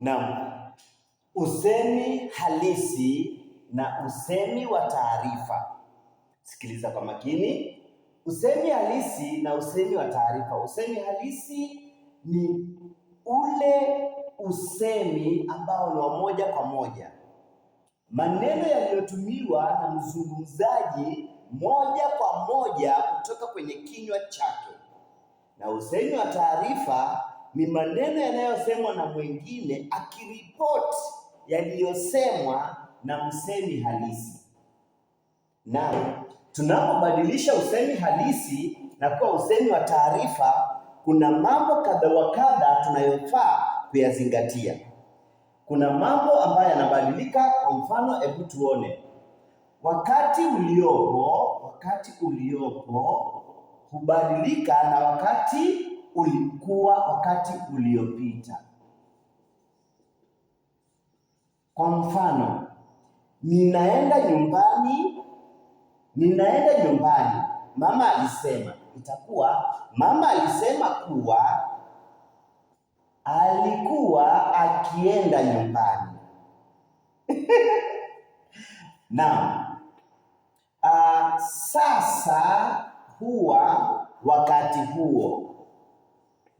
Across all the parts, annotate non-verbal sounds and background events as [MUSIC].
Naam, usemi halisi na usemi wa taarifa. Sikiliza kwa makini. Usemi halisi na usemi wa taarifa. Usemi halisi ni ule usemi ambao ni wa moja kwa moja, maneno yaliyotumiwa na mzungumzaji moja kwa moja kutoka kwenye kinywa chake, na usemi wa taarifa ni maneno yanayosemwa na mwingine akiripoti yaliyosemwa na msemi halisi. Na tunapobadilisha usemi halisi na kuwa usemi wa taarifa, kuna mambo kadha wa kadha tunayofaa kuyazingatia. Kuna mambo ambayo yanabadilika. Kwa mfano, hebu tuone wakati uliopo. Wakati uliopo hubadilika na wakati ulikuwa wakati uliopita. Kwa mfano, ninaenda nyumbani, ninaenda nyumbani. Mama alisema itakuwa, mama alisema kuwa alikuwa akienda nyumbani. [LAUGHS] Naam. Uh, sasa huwa wakati huo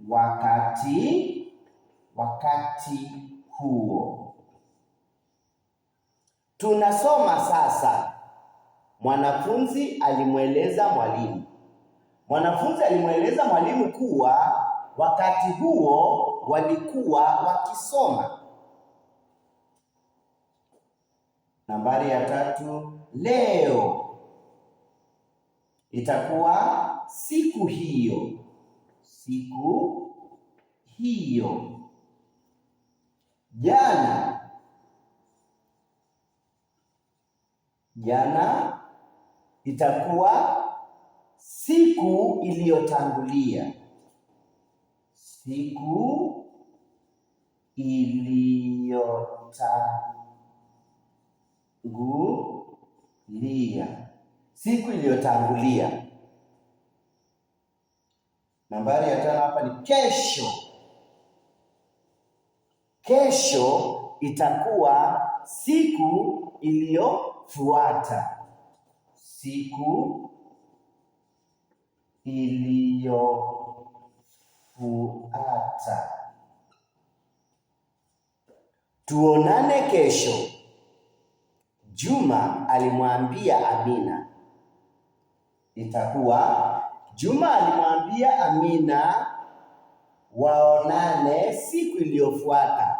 wakati wakati huo. Tunasoma sasa, mwanafunzi alimweleza mwalimu. Mwanafunzi alimweleza mwalimu kuwa wakati huo walikuwa wakisoma. Nambari ya tatu, leo itakuwa siku hiyo siku hiyo. Jana, jana itakuwa siku iliyotangulia, siku iliyotangulia, siku iliyotangulia. Nambari ya tano hapa ni kesho. Kesho itakuwa siku iliyofuata, siku iliyofuata. Tuonane kesho. Juma alimwambia Amina itakuwa Juma alimwambia Amina waonane siku iliyofuata.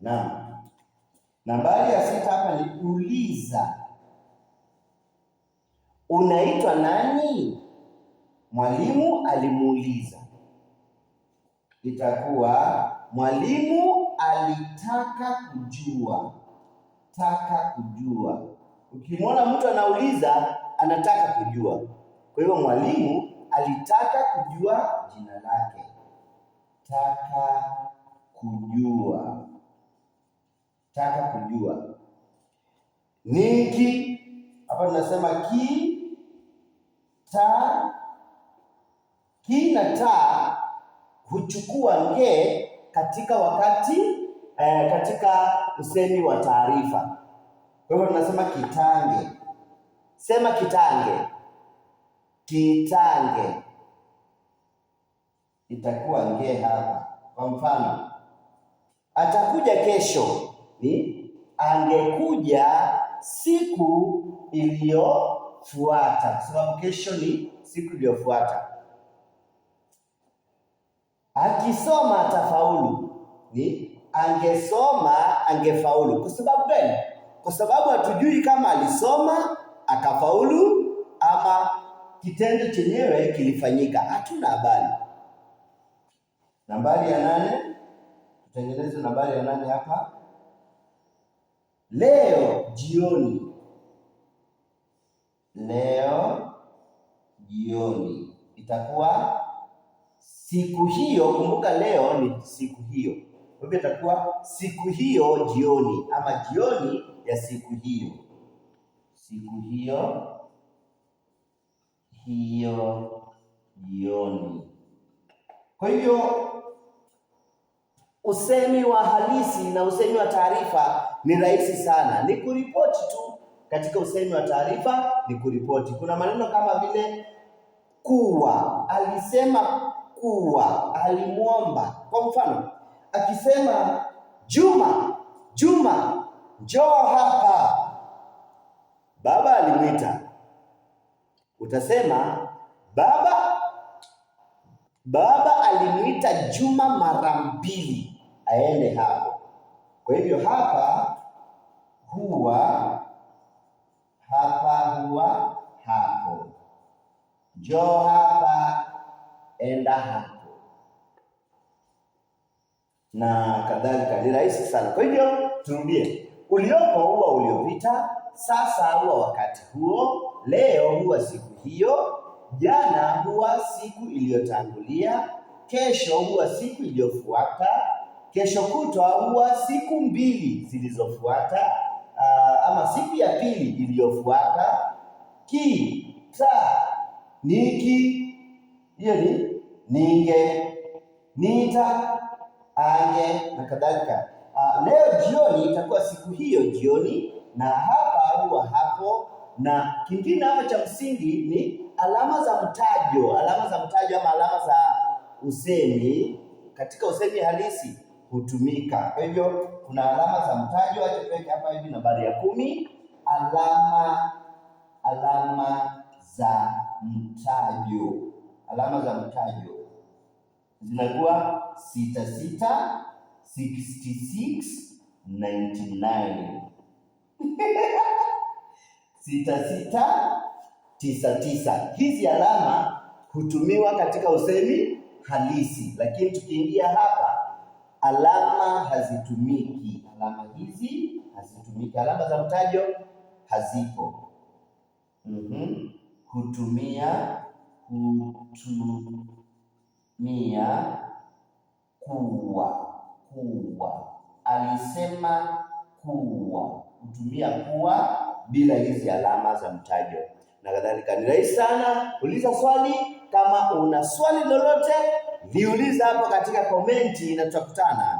Naam. Nambari ya sita hapa ni uliza. Unaitwa nani? Mwalimu alimuuliza. Itakuwa mwalimu alitaka kujua. Taka kujua. Ukimwona mtu anauliza, anataka kujua. Kwa hiyo mwalimu alitaka kujua jina lake, taka kujua, taka kujua niki hapa tunasema ki ta ki na ta huchukua nge katika wakati eh, katika usemi wa taarifa. Kwa hivyo tunasema kitange, sema kitange kitange itakuwa nge hapa. Kwa mfano, atakuja kesho ni angekuja siku iliyofuata, kwa sababu kesho ni siku iliyofuata. Akisoma atafaulu ni angesoma angefaulu. Kwa sababu gani? Kwa sababu hatujui kama alisoma akafaulu ama kitendo chenyewe kilifanyika, hatuna habari. Nambari ya nane, tutengeneze nambari ya nane hapa. Leo jioni, leo jioni itakuwa siku hiyo. Kumbuka leo ni siku hiyo, kwa hivyo itakuwa siku hiyo jioni, ama jioni ya siku hiyo, siku hiyo hiyo jioni. Kwa hivyo usemi wa halisi na usemi wa taarifa ni rahisi sana, ni kuripoti tu. Katika usemi wa taarifa ni kuripoti. Kuna maneno kama vile kuwa, alisema kuwa, alimwomba. Kwa mfano akisema Juma, Juma njoo hapa, baba alimwita utasema baba, baba aliniita Juma mara mbili aende hapo. Kwa hivyo hapa huwa hapa huwa hapo, njoo hapa, enda hapo na kadhalika. Ni rahisi sana. Kwa hivyo turudie, uliopo huwa uliopita, sasa huwa wakati huo, leo huwa siku hiyo. Jana huwa siku iliyotangulia, kesho huwa siku iliyofuata, kesho kutwa huwa siku mbili zilizofuata, uh, ama siku ya pili iliyofuata. ki ta niki, hiyo ni ninge, nita, ange na kadhalika. Uh, leo jioni itakuwa siku hiyo jioni, na hapa huwa hapa na kingine hapa cha msingi ni alama za mtajo. Alama za mtajo ama alama za usemi katika usemi halisi hutumika. Kwa hivyo kuna alama za mtajo, acha tuweke hapa hivi nambari ya kumi, alama alama za mtajo. Alama za mtajo zinakuwa sita sita, 66, 99 sita sita tisa tisa. Hizi alama hutumiwa katika usemi halisi, lakini tukiingia hapa alama hazitumiki, alama hizi hazitumiki, alama za mtajo hazipo. Mm-hmm. Hutumia hutumia kuwa kuwa, alisema kuwa, hutumia kuwa bila hizi alama za mtajo na kadhalika. Ni rahisi sana. Uliza swali kama una swali lolote, liuliza hapo katika komenti na tutakutana.